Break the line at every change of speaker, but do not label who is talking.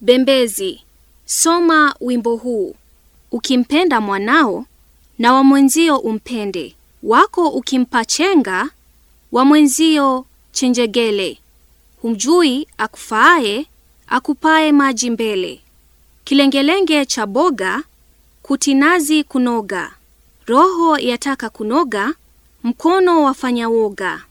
Bembezi, soma wimbo huu. Ukimpenda mwanao na wa mwenzio umpende. Wako ukimpa chenga, wa mwenzio chenjegele. Humjui akufaaye, akupaye maji mbele. Kilengelenge cha boga, kutinazi kunoga. Roho yataka kunoga, mkono wafanya woga.